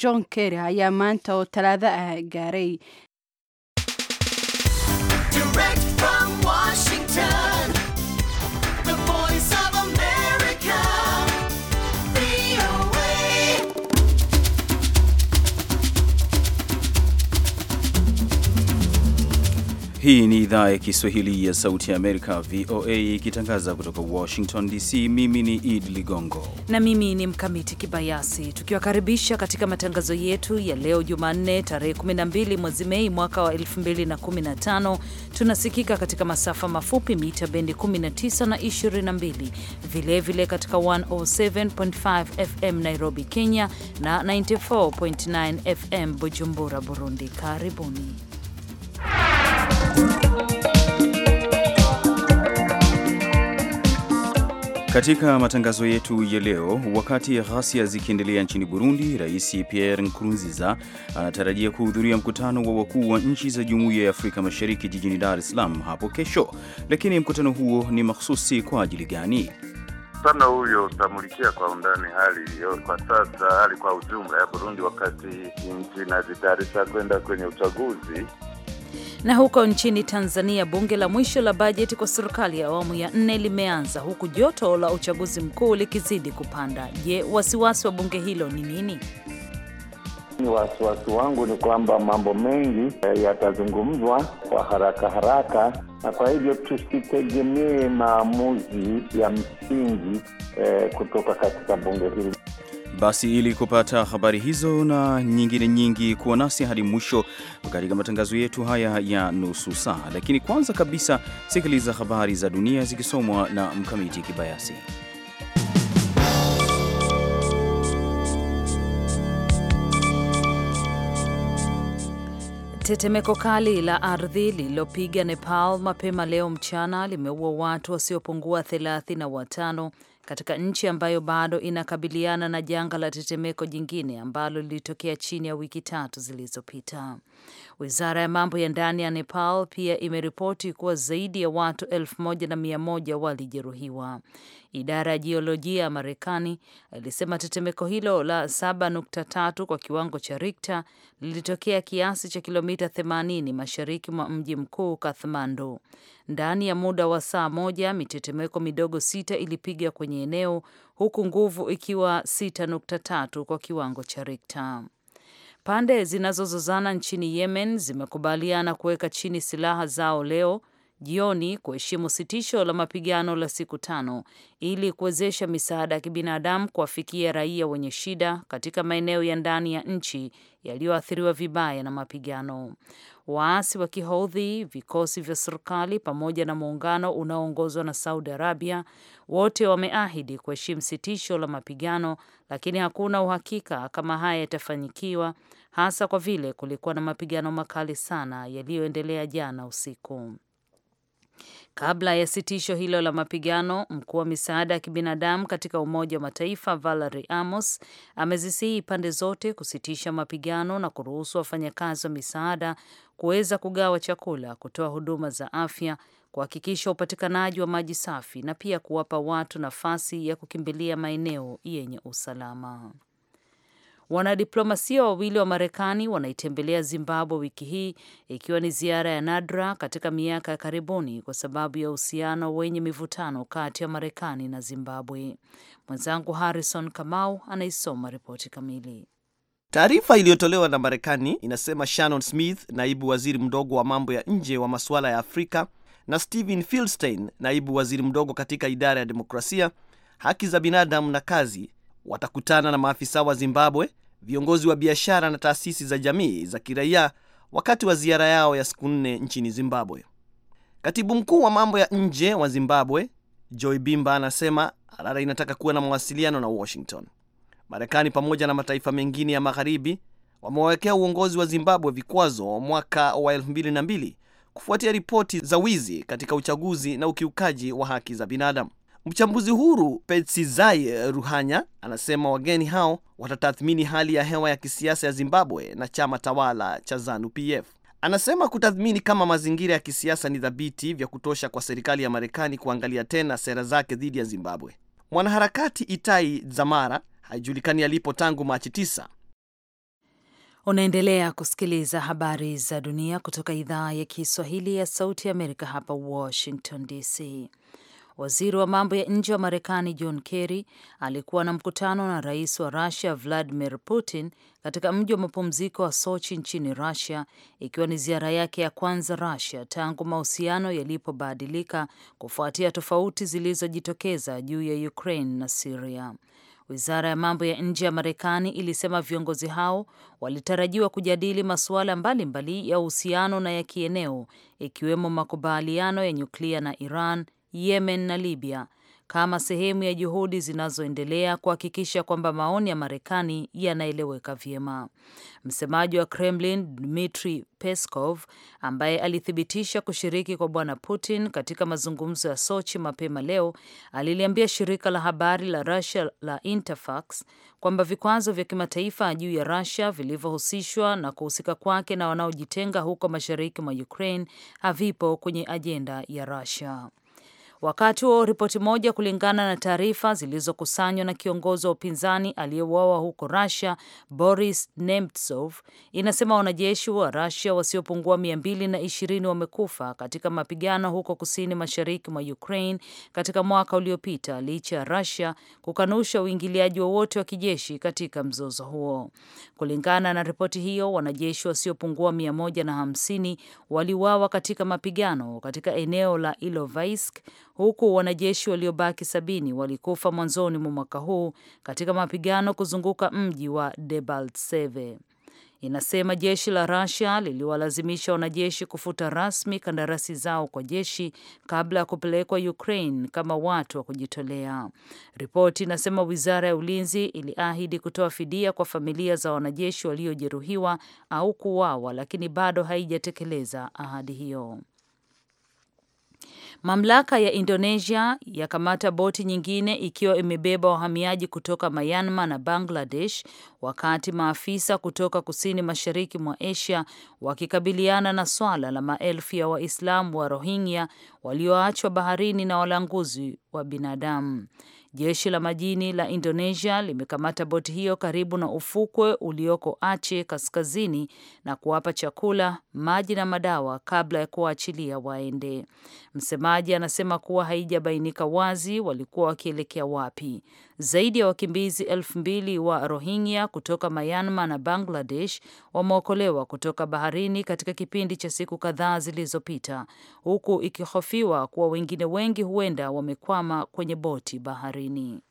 john kerry ayaa maanta oo talaado ah gaaray Hii ni idhaa ya Kiswahili ya Sauti ya Amerika, VOA, ikitangaza kutoka Washington DC. Mimi ni Idi Ligongo na mimi ni Mkamiti Kibayasi, tukiwakaribisha katika matangazo yetu ya leo Jumanne, tarehe 12 mwezi Mei mwaka wa 2015. Tunasikika katika masafa mafupi mita bendi 19 na 22, vilevile vile katika 107.5 FM Nairobi, Kenya na 94.9 FM Bujumbura, Burundi. Karibuni. Katika matangazo yetu ya leo, wakati ghasia zikiendelea nchini Burundi, Rais Pierre Nkurunziza anatarajia kuhudhuria mkutano wa wakuu wa nchi za Jumuiya ya Afrika Mashariki jijini Dar es Salaam hapo kesho. Lakini mkutano huo ni mahsusi kwa ajili gani? Mkutano huyo utamulikia kwa undani hali hiyo kwa sasa hali kwa ujumla ya Burundi wakati nchi inajitayarisha kwenda kwenye uchaguzi. Na huko nchini Tanzania, bunge la mwisho la bajeti kwa serikali ya awamu ya nne limeanza huku joto la uchaguzi mkuu likizidi kupanda. Je, wasiwasi wa bunge hilo ni nini? Wasiwasi wangu ni kwamba mambo mengi eh, yatazungumzwa kwa haraka haraka, na kwa hivyo tusitegemee maamuzi ya msingi eh, kutoka katika bunge hili. Basi ili kupata habari hizo na nyingine nyingi, kuwa nasi hadi mwisho katika matangazo yetu haya ya nusu saa. Lakini kwanza kabisa, sikiliza habari za dunia zikisomwa na Mkamiti Kibayasi. Tetemeko kali la ardhi lililopiga Nepal mapema leo mchana limeua watu wasiopungua thelathini na watano katika nchi ambayo bado inakabiliana na janga la tetemeko jingine ambalo lilitokea chini ya wiki tatu zilizopita. Wizara ya mambo ya ndani ya Nepal pia imeripoti kuwa zaidi ya watu elfu moja na mia moja walijeruhiwa. Idara ya jiolojia ya Marekani ilisema tetemeko hilo la 7.3 kwa kiwango cha Richter lilitokea kiasi cha kilomita 80 mashariki mwa mji mkuu Kathmandu. Ndani ya muda wa saa moja, mitetemeko midogo sita ilipiga kwenye eneo, huku nguvu ikiwa 6.3 kwa kiwango cha Richter. Pande zinazozozana nchini Yemen zimekubaliana kuweka chini silaha zao leo jioni kuheshimu sitisho la mapigano la siku tano ili kuwezesha misaada ya kibinadamu kuwafikia raia wenye shida katika maeneo ya ndani ya nchi yaliyoathiriwa vibaya na mapigano. Waasi wa Kihoudhi, vikosi vya serikali pamoja na muungano unaoongozwa na Saudi Arabia wote wameahidi kuheshimu sitisho la mapigano, lakini hakuna uhakika kama haya yatafanyikiwa, hasa kwa vile kulikuwa na mapigano makali sana yaliyoendelea jana usiku. Kabla ya sitisho hilo la mapigano, mkuu wa misaada ya kibinadamu katika Umoja wa Mataifa Valerie Amos amezisihi pande zote kusitisha mapigano na kuruhusu wafanyakazi wa misaada kuweza kugawa chakula, kutoa huduma za afya, kuhakikisha upatikanaji wa maji safi na pia kuwapa watu nafasi ya kukimbilia maeneo yenye usalama. Wanadiplomasia wawili wa Marekani wanaitembelea Zimbabwe wiki hii ikiwa ni ziara ya nadra katika miaka ya karibuni kwa sababu ya uhusiano wenye mivutano kati ya Marekani na Zimbabwe. Mwenzangu Harrison Kamau anaisoma ripoti kamili. Taarifa iliyotolewa na Marekani inasema Shannon Smith, naibu waziri mdogo wa mambo ya nje wa masuala ya Afrika, na Stephen filstein naibu waziri mdogo katika idara ya demokrasia, haki za binadamu na kazi, watakutana na maafisa wa Zimbabwe viongozi wa biashara na taasisi za jamii za kiraia wakati wa ziara yao ya siku nne nchini Zimbabwe. Katibu mkuu wa mambo ya nje wa Zimbabwe Joy Bimba anasema Harare inataka kuwa na mawasiliano na Washington. Marekani pamoja na mataifa mengine ya magharibi wamewawekea uongozi wa Zimbabwe vikwazo mwaka wa 2002 kufuatia ripoti za wizi katika uchaguzi na ukiukaji wa haki za binadamu. Mchambuzi huru Petsizai Ruhanya anasema wageni hao watatathmini hali ya hewa ya kisiasa ya Zimbabwe na chama tawala cha Zanu-PF. Anasema kutathmini kama mazingira ya kisiasa ni thabiti vya kutosha kwa serikali ya Marekani kuangalia tena sera zake dhidi ya Zimbabwe. Mwanaharakati Itai Zamara haijulikani alipo tangu Machi 9. Unaendelea kusikiliza habari za dunia kutoka idhaa ya Kiswahili ya Sauti ya Amerika hapa Washington DC. Waziri wa mambo ya nje wa Marekani John Kerry alikuwa na mkutano na rais wa Rusia Vladimir Putin katika mji wa mapumziko wa Sochi nchini Rusia, ikiwa ni ziara yake ya kwanza Rusia tangu mahusiano yalipobadilika kufuatia tofauti zilizojitokeza juu ya Ukraine na Siria. Wizara ya mambo ya nje ya Marekani ilisema viongozi hao walitarajiwa kujadili masuala mbalimbali ya uhusiano na ya kieneo, ikiwemo makubaliano ya nyuklia na Iran Yemen na Libya kama sehemu ya juhudi zinazoendelea kuhakikisha kwamba maoni ya Marekani yanaeleweka vyema. Msemaji wa Kremlin Dmitri Peskov, ambaye alithibitisha kushiriki kwa Bwana Putin katika mazungumzo ya Sochi mapema leo, aliliambia shirika la habari la Russia la Interfax kwamba vikwazo vya kimataifa juu ya Russia vilivyohusishwa na kuhusika kwake na wanaojitenga huko mashariki mwa Ukraine havipo kwenye ajenda ya Russia. Wakati huo ripoti moja, kulingana na taarifa zilizokusanywa na kiongozi wa upinzani aliyeuawa huko Rusia, Boris Nemtsov, inasema wanajeshi wa rasia wasiopungua mia mbili na ishirini wamekufa katika mapigano huko kusini mashariki mwa Ukraine katika mwaka uliopita, licha ya Russia kukanusha uingiliaji wowote wa, wa kijeshi katika mzozo huo. Kulingana na ripoti hiyo, wanajeshi wasiopungua mia moja na hamsini waliuawa katika mapigano katika eneo la Ilovaisk huku wanajeshi waliobaki sabini walikufa mwanzoni mwa mwaka huu katika mapigano kuzunguka mji wa Debaltseve. Inasema jeshi la Russia liliwalazimisha wanajeshi kufuta rasmi kandarasi zao kwa jeshi kabla ya kupelekwa Ukraine kama watu wa kujitolea. Ripoti inasema wizara ya ulinzi iliahidi kutoa fidia kwa familia za wanajeshi waliojeruhiwa au kuuawa, lakini bado haijatekeleza ahadi hiyo. Mamlaka ya Indonesia yakamata boti nyingine ikiwa imebeba wahamiaji kutoka Myanmar na Bangladesh, wakati maafisa kutoka kusini mashariki mwa Asia wakikabiliana na swala la maelfu ya Waislamu wa Rohingya walioachwa baharini na walanguzi wa binadamu. Jeshi la majini la Indonesia limekamata boti hiyo karibu na ufukwe ulioko Aceh kaskazini na kuwapa chakula, maji na madawa kabla ya kuwaachilia waende. Msemaji anasema kuwa haijabainika wazi walikuwa wakielekea wapi. Zaidi ya wakimbizi elfu mbili wa Rohingya kutoka Myanmar na Bangladesh wameokolewa kutoka baharini katika kipindi cha siku kadhaa zilizopita, huku ikihofiwa kuwa wengine wengi huenda wamekwama kwenye boti baharini. ini.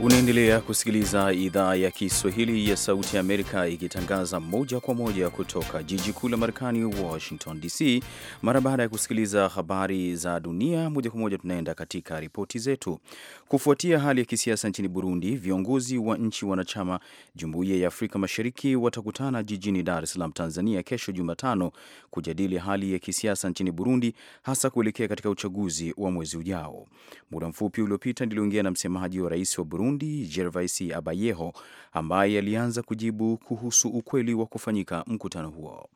Unaendelea kusikiliza idhaa ya Kiswahili ya Sauti ya Amerika ikitangaza moja kwa moja kutoka jiji kuu la Marekani, Washington DC. Mara baada ya kusikiliza habari za dunia moja kwa moja, tunaenda katika ripoti zetu. Kufuatia hali ya kisiasa nchini Burundi, viongozi wa nchi wanachama Jumuiya ya Afrika Mashariki watakutana jijini Dar es Salaam, Tanzania, kesho Jumatano kujadili hali ya kisiasa nchini Burundi, hasa kuelekea katika uchaguzi wa mwezi ujao. Muda mfupi uliopita niliongea na msemaji wa rais wa Burundi Burundi Gervais Abayeho ambaye alianza kujibu kuhusu ukweli wa kufanyika mkutano huo.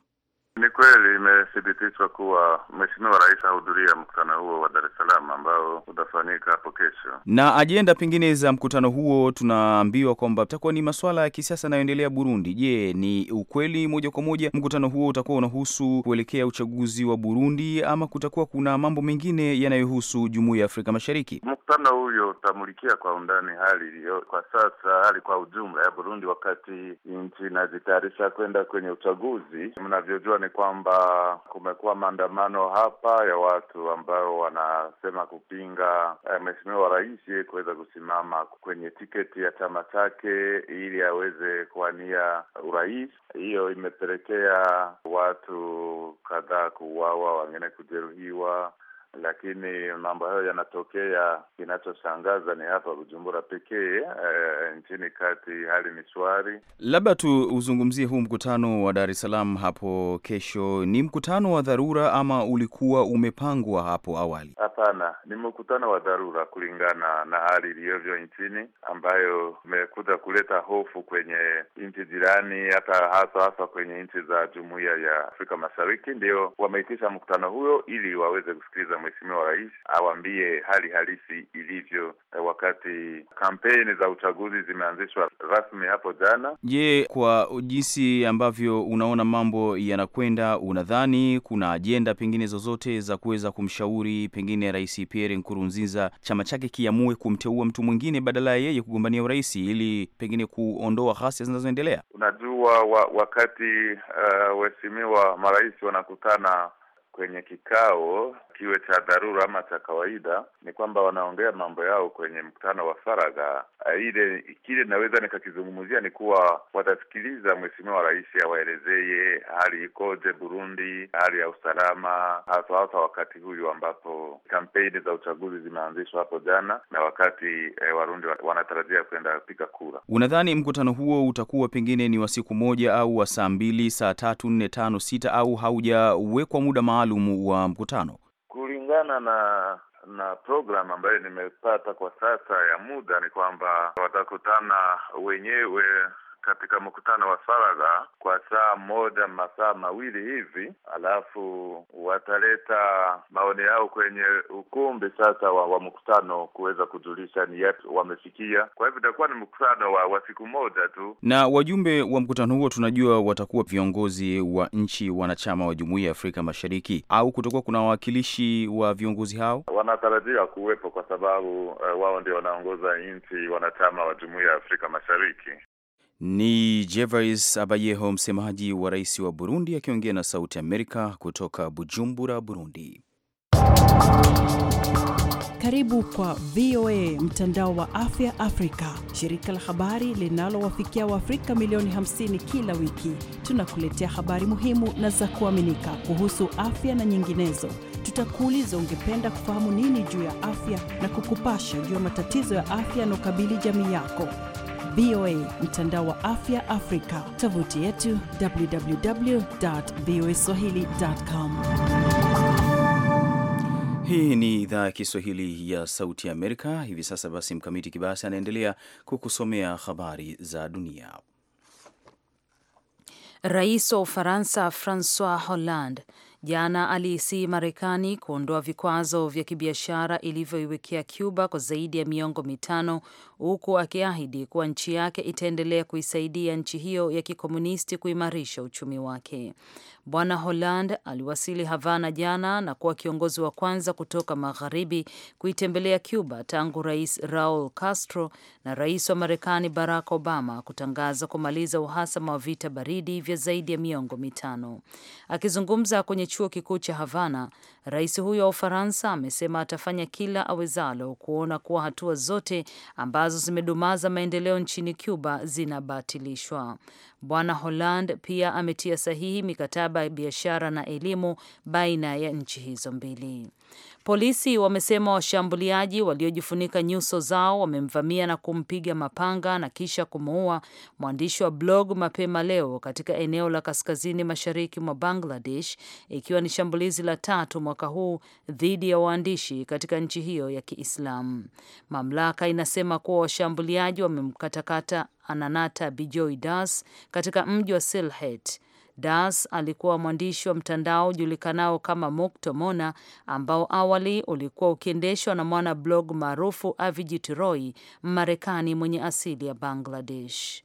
Ni kweli imethibitishwa kuwa Mheshimiwa Rais ahudhuria mkutano huo wa Dar es Salaam ambao utafanyika hapo kesho. Na ajenda pengine za mkutano huo tunaambiwa kwamba itakuwa ni masuala ya kisiasa yanayoendelea Burundi. Je, ni ukweli moja kwa moja mkutano huo utakuwa unahusu kuelekea uchaguzi wa Burundi ama kutakuwa kuna mambo mengine yanayohusu Jumuiya ya Afrika Mashariki? Mkutano huyo utamulikia kwa undani hali iliyo kwa sasa, hali kwa ujumla ya Burundi, wakati nchi inajitayarisha kwenda kwenye uchaguzi. Mnavyojua ni kwamba kumekuwa maandamano hapa ya watu ambao wanasema kupinga eh, mheshimiwa rais kuweza kusimama kwenye tiketi ya chama chake ili aweze kuwania urais. Hiyo imepelekea watu kadhaa kuuawa, wengine kujeruhiwa lakini mambo hayo yanatokea. Kinachoshangaza ni hapa Bujumbura pekee e, nchini kati hali ni shwari. Labda tu uzungumzie huu mkutano wa Dar es Salaam hapo kesho, ni mkutano wa dharura ama ulikuwa umepangwa hapo awali? Hapana, ni mkutano wa dharura kulingana na hali iliyovyo nchini, ambayo imekuja kuleta hofu kwenye nchi jirani, hata hasa hasa kwenye nchi za Jumuiya ya Afrika Mashariki. Ndio wameitisha mkutano huyo ili waweze kusikiliza Mheshimiwa Rais awaambie hali halisi ilivyo, eh, wakati kampeni za uchaguzi zimeanzishwa rasmi hapo jana. Je, kwa jinsi ambavyo unaona mambo yanakwenda, unadhani kuna ajenda pengine zozote za kuweza kumshauri pengine Rais Pierre Nkurunziza chama chake kiamue kumteua mtu mwingine badala ya yeye kugombania urais ili pengine kuondoa ghasia zinazoendelea? Unajua wa, wakati waheshimiwa eh, uh, marais wanakutana kwenye kikao kiwe cha dharura ama cha kawaida, ni kwamba wanaongea mambo yao kwenye mkutano wa faragha. Ile kile naweza nikakizungumzia ni kuwa watasikiliza mheshimiwa rais awaelezeye hali ikoje Burundi, hali ya usalama, hasa hasa wakati huyu ambapo kampeni za uchaguzi zimeanzishwa hapo jana na wakati eh, Warundi wanatarajia kwenda piga kura. Unadhani mkutano huo utakuwa pengine ni wa siku moja au wa saa mbili, saa tatu, nne, tano, sita au haujawekwa muda maalum wa mkutano? Kulingana na na program ambayo nimepata kwa sasa ya muda, ni kwamba watakutana wenyewe katika mkutano wa faragha kwa saa moja masaa mawili hivi, alafu wataleta maoni yao kwenye ukumbi sasa wa, wa mkutano kuweza kujulisha ni yapi wamefikia. Kwa hivyo itakuwa ni mkutano wa, wa siku moja tu, na wajumbe wa mkutano huo tunajua watakuwa viongozi wa nchi wanachama wa Jumuiya ya Afrika Mashariki, au kutokuwa kuna wawakilishi wa viongozi hao wanatarajia kuwepo, kwa sababu uh, wao ndio wanaongoza nchi wanachama wa Jumuiya ya Afrika Mashariki. Ni Gervais Abayeho, msemaji wa rais wa Burundi, akiongea na Sauti Amerika kutoka Bujumbura, Burundi. Karibu kwa VOA mtandao wa afya Afrika, shirika la habari linalowafikia Waafrika milioni 50 kila wiki. Tunakuletea habari muhimu na za kuaminika kuhusu afya na nyinginezo. Tutakuuliza, ungependa kufahamu nini juu ya afya, na kukupasha juu ya matatizo ya afya yanaokabili jamii yako. VOA, mtandao wa afya Afrika, tovuti yetu www.voaswahili.com. Hii ni idhaa ya Kiswahili ya Sauti ya Amerika. Hivi sasa basi, Mkamiti Kibasi anaendelea kukusomea habari za dunia. Rais wa Ufaransa Francois Hollande jana aliisii Marekani kuondoa vikwazo vya kibiashara ilivyoiwekea Cuba kwa zaidi ya miongo mitano huku akiahidi kuwa nchi yake itaendelea kuisaidia nchi hiyo ya kikomunisti kuimarisha uchumi wake. Bwana Holand aliwasili Havana jana na kuwa kiongozi wa kwanza kutoka magharibi kuitembelea Cuba tangu Rais Raul Castro na rais wa Marekani Barack Obama kutangaza kumaliza uhasama wa vita baridi vya zaidi ya miongo mitano. Akizungumza kwenye chuo kikuu cha Havana, rais huyo wa Ufaransa amesema atafanya kila awezalo kuona kuwa hatua zote ambazo ambazo zimedumaza maendeleo nchini Cuba zinabatilishwa. Bwana Holand pia ametia sahihi mikataba ya biashara na elimu baina ya nchi hizo mbili. Polisi wamesema washambuliaji waliojifunika nyuso zao wamemvamia na kumpiga mapanga na kisha kumuua mwandishi wa blog mapema leo katika eneo la kaskazini mashariki mwa Bangladesh, ikiwa ni shambulizi la tatu mwaka huu dhidi ya waandishi katika nchi hiyo ya Kiislamu. Mamlaka inasema kuwa washambuliaji wamemkatakata Ananata Bijoy Das katika mji wa Sylhet. Das alikuwa mwandishi wa mtandao ujulikanao kama moktomona ambao awali ulikuwa ukiendeshwa na mwana blog maarufu Avijit Roy, Marekani mwenye asili ya Bangladesh.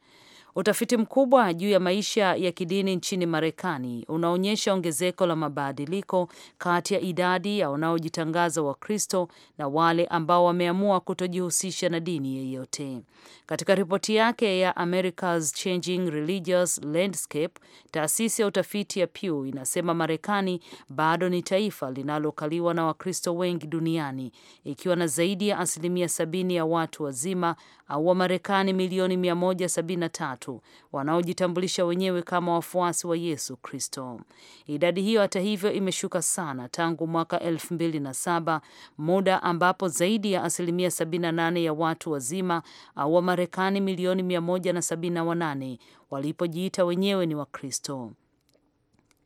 Utafiti mkubwa juu ya maisha ya kidini nchini Marekani unaonyesha ongezeko la mabadiliko kati ya idadi ya wanaojitangaza Wakristo na wale ambao wameamua kutojihusisha na dini yeyote. Katika ripoti yake ya America's Changing Religious Landscape, taasisi ya utafiti ya Pew inasema Marekani bado ni taifa linalokaliwa na Wakristo wengi duniani ikiwa na zaidi ya asilimia sabini ya watu wazima au Wamarekani milioni 173 wanaojitambulisha wenyewe kama wafuasi wa Yesu Kristo. Idadi hiyo hata hivyo imeshuka sana tangu mwaka 2007, muda ambapo zaidi ya asilimia 78 ya watu wazima au Wamarekani milioni 178 walipojiita wenyewe ni Wakristo.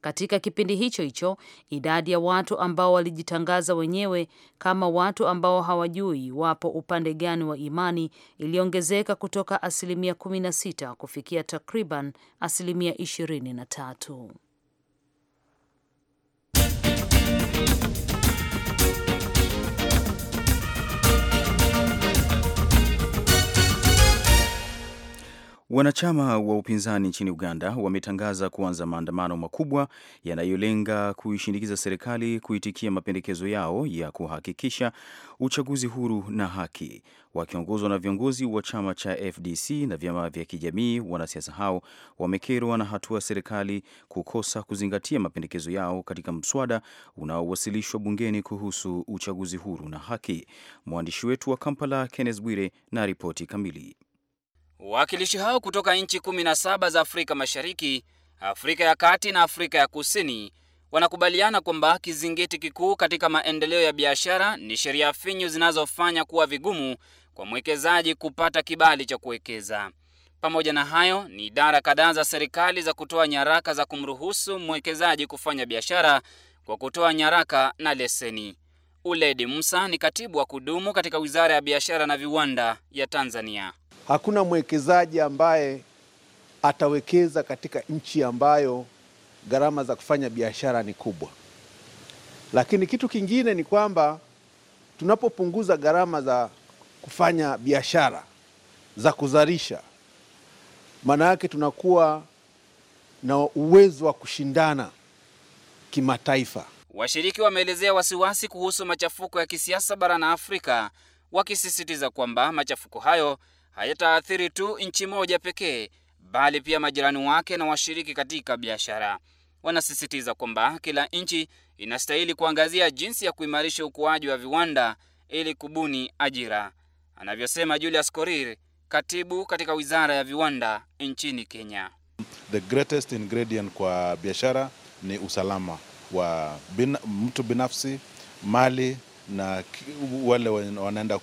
Katika kipindi hicho hicho, idadi ya watu ambao walijitangaza wenyewe kama watu ambao hawajui wapo upande gani wa imani iliongezeka kutoka asilimia 16 kufikia takriban asilimia 23. Wanachama wa upinzani nchini Uganda wametangaza kuanza maandamano makubwa yanayolenga kuishinikiza serikali kuitikia mapendekezo yao ya kuhakikisha uchaguzi huru na haki. Wakiongozwa na viongozi wa chama cha FDC na vyama vya kijamii, wanasiasa hao wamekerwa na hatua serikali kukosa kuzingatia mapendekezo yao katika mswada unaowasilishwa bungeni kuhusu uchaguzi huru na haki. Mwandishi wetu wa Kampala, Kenneth Bwire, na ripoti kamili. Wawakilishi hao kutoka nchi 17 za Afrika Mashariki, Afrika ya Kati na Afrika ya Kusini wanakubaliana kwamba kizingiti kikuu katika maendeleo ya biashara ni sheria finyu zinazofanya kuwa vigumu kwa mwekezaji kupata kibali cha kuwekeza. Pamoja na hayo, ni idara kadhaa za serikali za kutoa nyaraka za kumruhusu mwekezaji kufanya biashara kwa kutoa nyaraka na leseni. Uledi Musa ni katibu wa kudumu katika Wizara ya Biashara na Viwanda ya Tanzania. Hakuna mwekezaji ambaye atawekeza katika nchi ambayo gharama za kufanya biashara ni kubwa. Lakini kitu kingine ni kwamba tunapopunguza gharama za kufanya biashara za kuzalisha, maana yake tunakuwa na uwezo wa kushindana kimataifa. Washiriki wameelezea wasiwasi kuhusu machafuko ya kisiasa barani Afrika, wakisisitiza kwamba machafuko hayo hayataathiri tu nchi moja pekee, bali pia majirani wake na washiriki katika biashara. Wanasisitiza kwamba kila nchi inastahili kuangazia jinsi ya kuimarisha ukuaji wa viwanda ili kubuni ajira, anavyosema Julius Korir, katibu katika wizara ya viwanda nchini Kenya. The greatest ingredient kwa biashara ni usalama wa bin, mtu binafsi, mali na wale wanaenda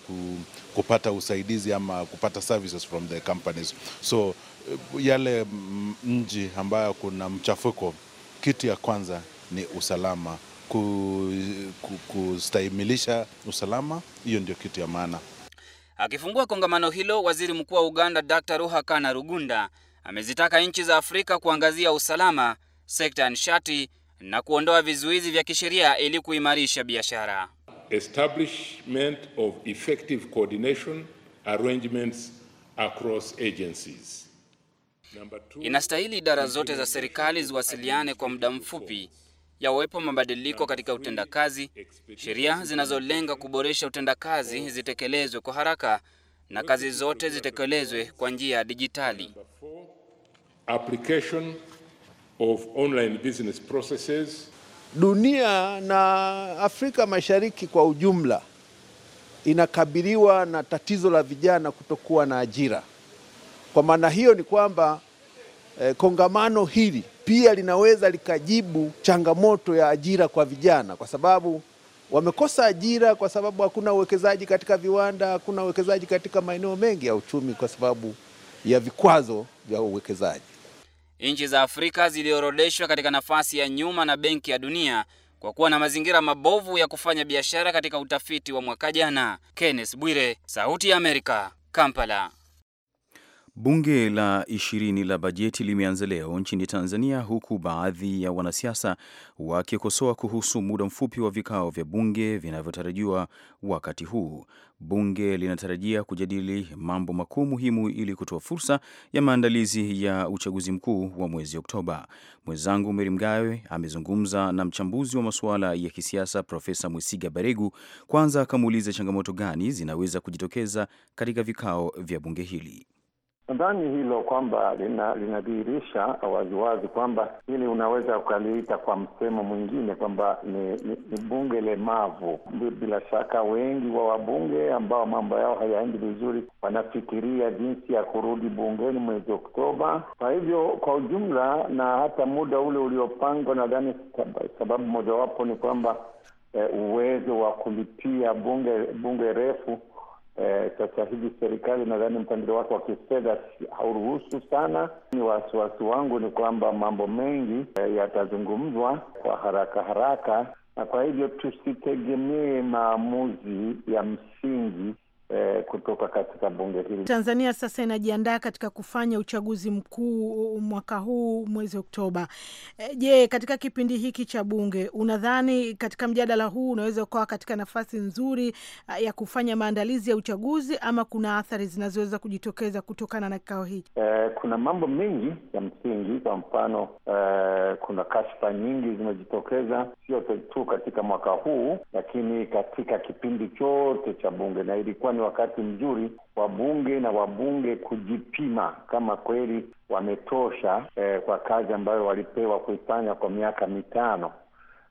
kupata usaidizi ama kupata services from the companies. So yale mji ambayo kuna mchafuko, kitu ya kwanza ni usalama kustahimilisha usalama, hiyo ndio kitu ya maana. Akifungua kongamano hilo, waziri mkuu wa Uganda Dr. Ruhakana Rugunda amezitaka nchi za Afrika kuangazia usalama, sekta ya nishati na kuondoa vizuizi vya kisheria ili kuimarisha biashara establishment of effective coordination arrangements across agencies. Two, inastahili idara zote za serikali ziwasiliane kwa muda mfupi yawepo mabadiliko katika utendakazi. Sheria zinazolenga kuboresha utendakazi zitekelezwe kwa haraka na kazi zote zitekelezwe kwa njia ya dijitali. Application of online business processes Dunia na Afrika Mashariki kwa ujumla inakabiliwa na tatizo la vijana kutokuwa na ajira. Kwa maana hiyo ni kwamba eh, kongamano hili pia linaweza likajibu changamoto ya ajira kwa vijana, kwa sababu wamekosa ajira kwa sababu hakuna uwekezaji katika viwanda, hakuna uwekezaji katika maeneo mengi ya uchumi kwa sababu ya vikwazo vya uwekezaji. Nchi za Afrika ziliorodeshwa katika nafasi ya nyuma na Benki ya Dunia kwa kuwa na mazingira mabovu ya kufanya biashara katika utafiti wa mwaka jana. Kenneth Bwire, Sauti ya Amerika, Kampala. Bunge la ishirini la bajeti limeanza leo nchini Tanzania, huku baadhi ya wanasiasa wakikosoa kuhusu muda mfupi wa vikao vya bunge vinavyotarajiwa wakati huu. Bunge linatarajia kujadili mambo makuu muhimu ili kutoa fursa ya maandalizi ya uchaguzi mkuu wa mwezi Oktoba. Mwenzangu Meri Mgawe amezungumza na mchambuzi wa masuala ya kisiasa Profesa mwisiga Baregu. Kwanza akamuuliza changamoto gani zinaweza kujitokeza katika vikao vya bunge hili. Nadhani hilo kwamba linadhihirisha lina waziwazi kwamba hili unaweza ukaliita kwa msemo mwingine kwamba ni, ni, ni bunge lemavu. Bila shaka wengi wa wabunge ambao mambo yao hayaendi vizuri wanafikiria jinsi ya kurudi bungeni mwezi Oktoba. Kwa hivyo kwa ujumla, na hata muda ule uliopangwa, nadhani sababu mojawapo ni kwamba eh, uwezo wa kulipia bunge bunge refu E, sasa hivi serikali nadhani mpangilio wake wa kifedha hauruhusu sana. Ni wasiwasi wangu ni kwamba mambo mengi e, yatazungumzwa kwa haraka haraka, na kwa hivyo tusitegemee maamuzi ya msingi eh, kutoka katika bunge hili. Tanzania sasa inajiandaa katika kufanya uchaguzi mkuu mwaka huu mwezi Oktoba. Eh, je, katika kipindi hiki cha bunge unadhani katika mjadala huu unaweza ukawa katika nafasi nzuri eh, ya kufanya maandalizi ya uchaguzi ama kuna athari zinazoweza kujitokeza kutokana na kikao hiki? Eh, kuna mambo mengi ya msingi, kwa mfano eh, kuna kashfa nyingi zimejitokeza sio tu katika mwaka huu, lakini katika kipindi chote cha bunge na ilikuwa ni wakati mzuri wabunge na wabunge kujipima kama kweli wametosha eh, kwa kazi ambayo walipewa kuifanya kwa miaka mitano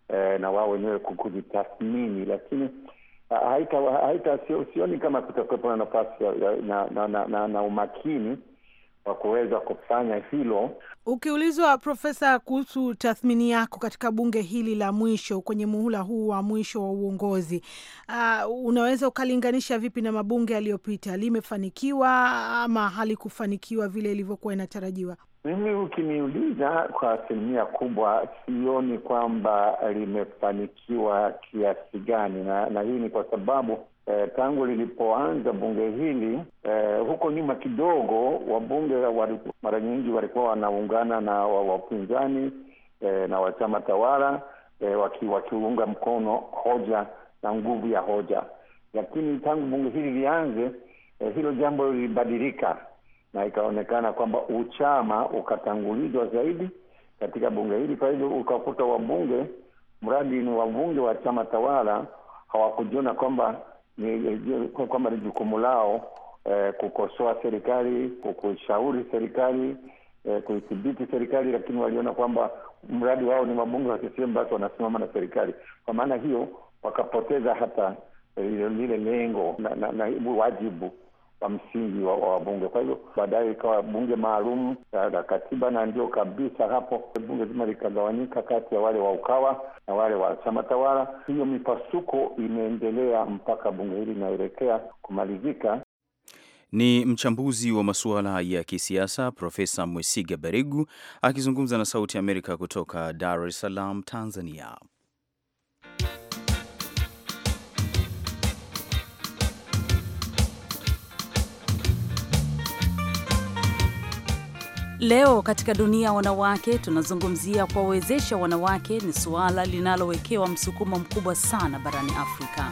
eh, na wao wenyewe kujitathmini, lakini haita, haita sioni kama kutakuwepo na nafasi na, na, na, na, na umakini wa kuweza kufanya hilo. Ukiulizwa Profesa kuhusu tathmini yako katika bunge hili la mwisho kwenye muhula huu wa mwisho wa uongozi, uh, unaweza ukalinganisha vipi na mabunge yaliyopita? Limefanikiwa ama halikufanikiwa vile ilivyokuwa inatarajiwa? Mimi ukiniuliza, kwa asilimia kubwa sioni kwamba limefanikiwa kiasi gani, na, na hii ni kwa sababu eh, tangu lilipoanza bunge hili eh, huko nyuma kidogo wabunge mara nyingi walikuwa wanaungana na wapinzani eh, na wachama tawala eh, waki, wakiunga mkono hoja na nguvu ya hoja, lakini tangu bunge hili lianze eh, hilo jambo lilibadilika na ikaonekana kwamba uchama ukatangulizwa zaidi katika bunge hili. Kwa hivyo ukakuta wabunge, mradi ni wabunge wa chama tawala, hawakujiona kwamba kwamba ni jukumu lao eh, kukosoa serikali, kushauri serikali eh, kuithibiti serikali, lakini waliona kwamba mradi wao ni wabunge wa CCM, basi wanasimama na serikali. Kwa maana hiyo wakapoteza hata eh, lile lengo na, na, na wajibu wa msingi wa wabunge. Kwa hivyo baadaye ikawa bunge maalum la katiba, na ndio kabisa hapo bunge zima likagawanyika kati ya wale wa Ukawa na wale wa chama tawala. Hiyo mipasuko imeendelea mpaka bunge hili linaelekea kumalizika. Ni mchambuzi wa masuala ya kisiasa Profesa Mwesiga Baregu akizungumza na Sauti ya Amerika kutoka Dar es Salaam, Tanzania. Leo katika dunia ya wanawake tunazungumzia kuwawezesha wanawake. Ni suala linalowekewa msukumo mkubwa sana barani Afrika.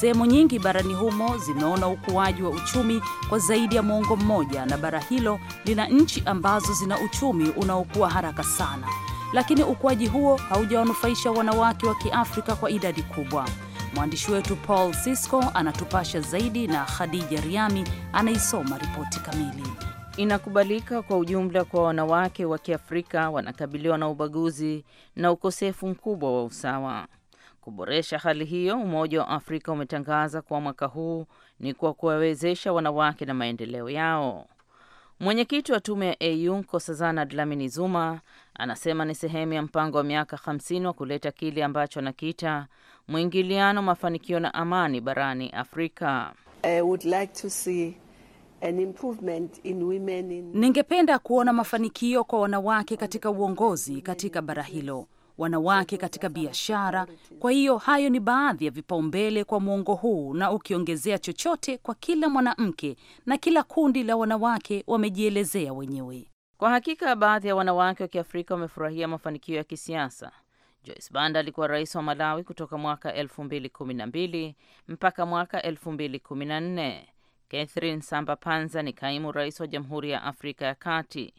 Sehemu nyingi barani humo zimeona ukuaji wa uchumi kwa zaidi ya mwongo mmoja, na bara hilo lina nchi ambazo zina uchumi unaokuwa haraka sana, lakini ukuaji huo haujawanufaisha wanawake wa Kiafrika kwa idadi kubwa. Mwandishi wetu Paul sisco anatupasha zaidi na Khadija Riami anaisoma ripoti kamili. Inakubalika kwa ujumla kwa wanawake wa Kiafrika wanakabiliwa na ubaguzi na ukosefu mkubwa wa usawa. Kuboresha hali hiyo, Umoja wa Afrika umetangaza kwa mwaka huu ni kwa kuwawezesha wanawake na maendeleo yao. Mwenyekiti wa tume ya AU Nkosazana Dlamini Zuma anasema ni sehemu ya mpango wa miaka 50 wa kuleta kile ambacho anakiita mwingiliano, mafanikio na amani barani Afrika. I would like to see an improvement in women in... Ningependa kuona mafanikio kwa wanawake katika uongozi katika bara hilo, wanawake katika biashara. Kwa hiyo hayo ni baadhi ya vipaumbele kwa mwongo huu, na ukiongezea chochote kwa kila mwanamke na kila kundi la wanawake wamejielezea wenyewe. Kwa hakika baadhi ya wanawake wa Kiafrika wamefurahia mafanikio ya kisiasa. Joyce Banda alikuwa rais wa Malawi kutoka mwaka 2012 mpaka mwaka 2014. Catherine Samba Panza ni kaimu rais wa Jamhuri ya Afrika ya Kati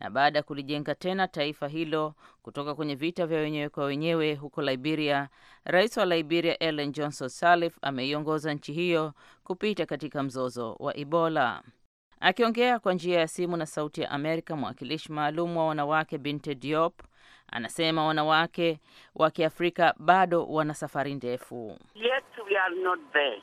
na baada ya kulijenga tena taifa hilo kutoka kwenye vita vya wenyewe kwa wenyewe huko Liberia, rais wa Liberia Ellen Johnson Sirleaf ameiongoza nchi hiyo kupita katika mzozo wa Ebola. Akiongea kwa njia ya simu na Sauti ya Amerika, mwakilishi maalum wa wanawake Binte Diop anasema wanawake wa Kiafrika bado wana safari ndefu. Yet we are not there.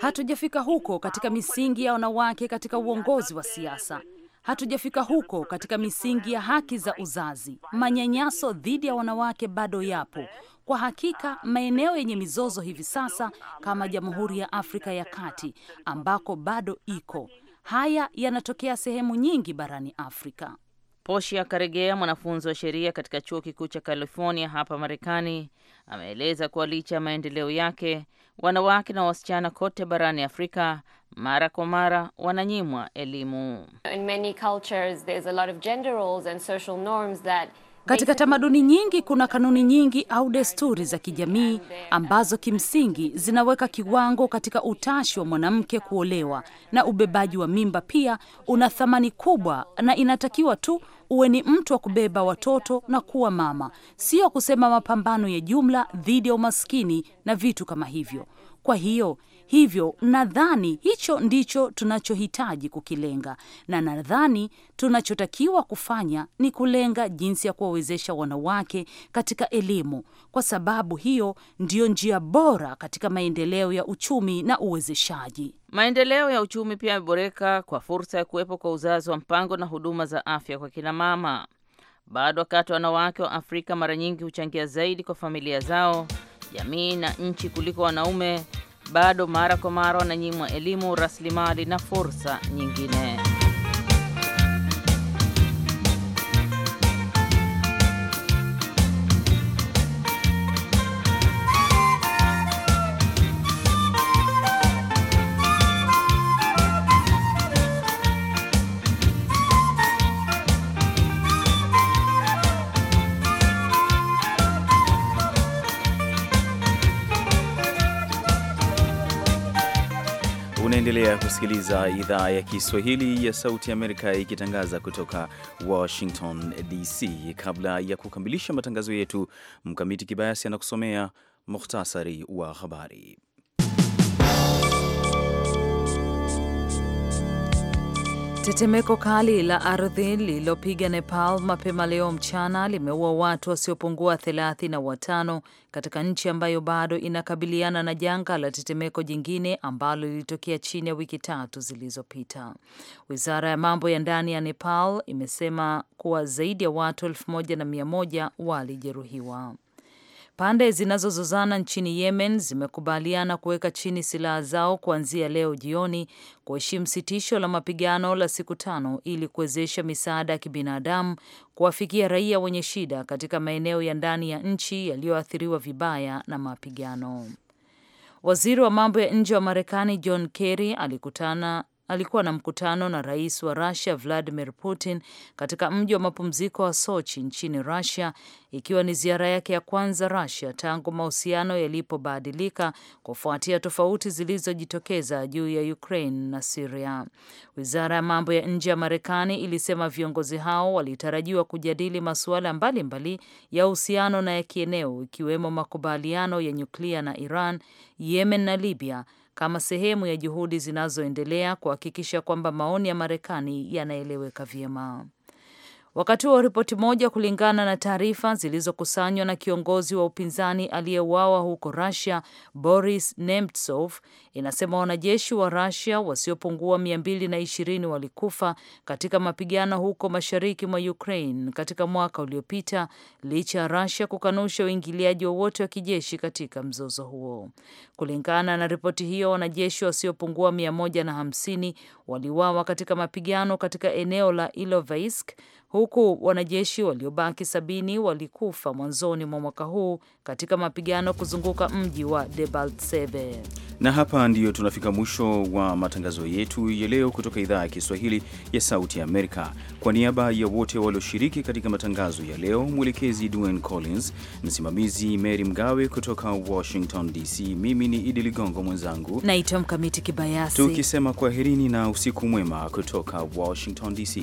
Hatujafika huko katika misingi ya wanawake katika uongozi wa siasa. Hatujafika huko katika misingi ya haki za uzazi. Manyanyaso dhidi ya wanawake bado yapo. Kwa hakika maeneo yenye mizozo hivi sasa kama Jamhuri ya Afrika ya Kati ambako bado iko. Haya yanatokea sehemu nyingi barani Afrika. Poshi Akaregea, mwanafunzi wa sheria katika chuo kikuu cha California hapa Marekani, ameeleza kuwa licha ya maendeleo yake, wanawake na wasichana kote barani Afrika mara kwa mara wananyimwa elimu. In many cultures, there's a lot of gender roles and social norms that katika tamaduni nyingi kuna kanuni nyingi au desturi za kijamii uh, ambazo kimsingi zinaweka kiwango katika utashi wa mwanamke kuolewa, na ubebaji wa mimba pia una thamani kubwa, na inatakiwa tu uwe ni mtu wa kubeba watoto na kuwa mama, sio kusema mapambano ya jumla dhidi ya umaskini na vitu kama hivyo. Kwa hiyo Hivyo nadhani hicho ndicho tunachohitaji kukilenga, na nadhani tunachotakiwa kufanya ni kulenga jinsi ya kuwawezesha wanawake katika elimu, kwa sababu hiyo ndiyo njia bora katika maendeleo ya uchumi na uwezeshaji. Maendeleo ya uchumi pia yameboreka kwa fursa ya kuwepo kwa uzazi wa mpango na huduma za afya kwa kina mama. Bado wakati wanawake wa Afrika mara nyingi huchangia zaidi kwa familia zao, jamii na nchi kuliko wanaume bado mara kwa mara wananyimwa elimu, rasilimali na fursa nyingine. Unaendelea kusikiliza idhaa ya Kiswahili ya Sauti Amerika ikitangaza kutoka Washington DC. Kabla ya kukamilisha matangazo yetu, Mkamiti Kibayasi anakusomea muhtasari wa habari. Tetemeko kali la ardhi lililopiga Nepal mapema leo mchana limeua watu wasiopungua thelathini na watano katika nchi ambayo bado inakabiliana na janga la tetemeko jingine ambalo lilitokea chini ya wiki tatu zilizopita. Wizara ya mambo ya ndani ya Nepal imesema kuwa zaidi ya watu elfu moja na mia moja walijeruhiwa. Pande zinazozozana nchini Yemen zimekubaliana kuweka chini silaha zao kuanzia leo jioni, kuheshimu sitisho la mapigano la siku tano ili kuwezesha misaada ya kibinadamu kuwafikia raia wenye shida katika maeneo ya ndani ya nchi yaliyoathiriwa vibaya na mapigano. Waziri wa mambo ya nje wa Marekani John Kerry alikutana alikuwa na mkutano na rais wa Rusia Vladimir Putin katika mji wa mapumziko wa Sochi nchini Rusia, ikiwa ni ziara yake ya kwanza Rusia tangu mahusiano yalipobadilika kufuatia tofauti zilizojitokeza juu ya Ukraine na Siria. Wizara ya mambo ya nje ya Marekani ilisema viongozi hao walitarajiwa kujadili masuala mbalimbali ya uhusiano na ya kieneo, ikiwemo makubaliano ya nyuklia na Iran, Yemen na Libya kama sehemu ya juhudi zinazoendelea kuhakikisha kwamba maoni ya Marekani yanaeleweka vyema. Wakati wa ripoti moja, kulingana na taarifa zilizokusanywa na kiongozi wa upinzani aliyeuawa huko Russia Boris Nemtsov, inasema wanajeshi wa Russia wasiopungua 220 walikufa katika mapigano huko mashariki mwa Ukraine katika mwaka uliopita, licha ya Russia kukanusha uingiliaji wowote wa kijeshi katika mzozo huo. Kulingana na ripoti hiyo, wanajeshi wasiopungua hamsini waliuawa katika mapigano katika eneo la Ilovaisk, huku wanajeshi waliobaki sabini walikufa mwanzoni mwa mwaka huu katika mapigano kuzunguka mji wa Debaltseve. Na hapa ndiyo tunafika mwisho wa matangazo yetu ya leo kutoka idhaa ya Kiswahili ya Sauti ya Amerika. Kwa niaba ya wote walioshiriki katika matangazo ya leo, mwelekezi Dwayne Collins, msimamizi Mary Mgawe kutoka Washington DC, mimi ni Idi Ligongo, mwenzangu naitwa Mkamiti Kibayasi, tukisema kwaherini na usiku mwema kutoka Washington DC.